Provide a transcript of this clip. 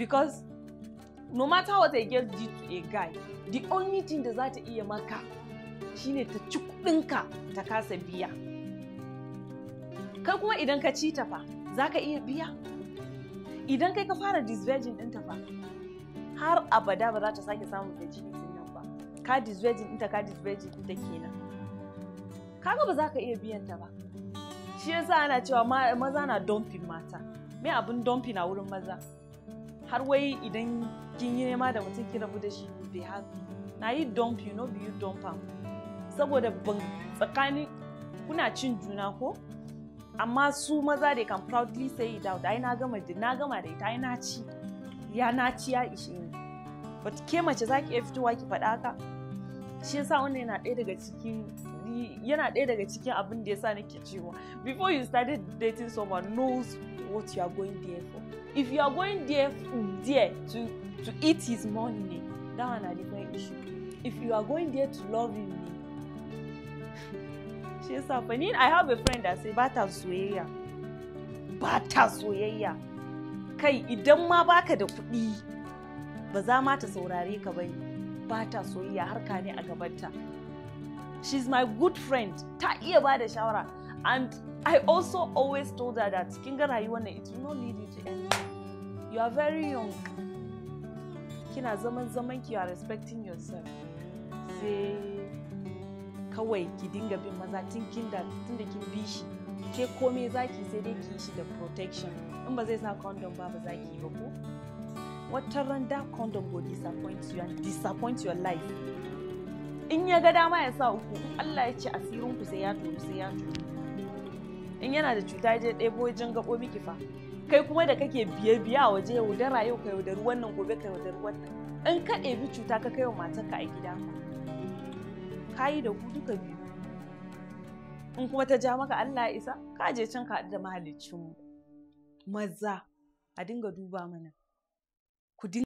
because no matter what a girl did to a guy the only thing da za ta iya maka shine ta ci kudinka ta kasa biya kai kuma idan ka ci ta fa za ka iya biya idan kai ka fara disvirgin ɗinta fa har abada ba za ta sake samun da jini nan ba ka disvirgin ɗinta ka disvirgin ɗinta kenan kaga ba za ka iya biyan ta ba shi yasa ana cewa maza na dumping mata me abin dumping a wurin maza har wai idan kin yi nema da mutum ki rabu da shi be happy na yi dump you no be you dump am saboda ban tsakani kuna cin juna ko amma su maza da kan proudly say it out ai na gama da na gama da ita ai na ci ya na ci ya ishe ni but ke mace za ki iya fitowa ki faɗa haka shi yasa wannan yana ɗaya daga cikin yana ɗaya daga cikin abin da yasa nake cewa before you started dating someone knows what you are going there for if you are going there there to to eat his money that one na different issue if you are going there to love him name shi yasa fa i have a friend that say bata soyayya bata soyayya kai idan ma baka da kuɗi ba za ma ta saurare ka bane bata soyayya harka ne a gabanta she's my good friend ta iya ba da shawara And I also always told her that Kinga Rayuwana, it will not lead you to anything. You are very young. Kina zaman zaman ki you are respecting yourself. Sai kawai ki dinga bin maza tun da tun da kin bi shi. Ke komai zaki sai dai ki shi da protection. In ba zai sa condom ba ba zaki ba ko? Wata ran da condom go disappoint you and disappoint your life. In ya ga dama ya sa uku, Allah ya ce asirin ku sai ya tonu sai ya tonu. in yana da cuta je ɗebo jin gaɓoɓi ki fa kai kuma da kake biye biya a waje yaudara yau ka yaudari wannan gobe ka yaudari wannan in ka ɗebi cuta ka kai wa matarka a gida ka yi da ku duka biyu in kuma ta ja maka Allah ya isa ka je can ka da mahaliccin maza a dinga duba mana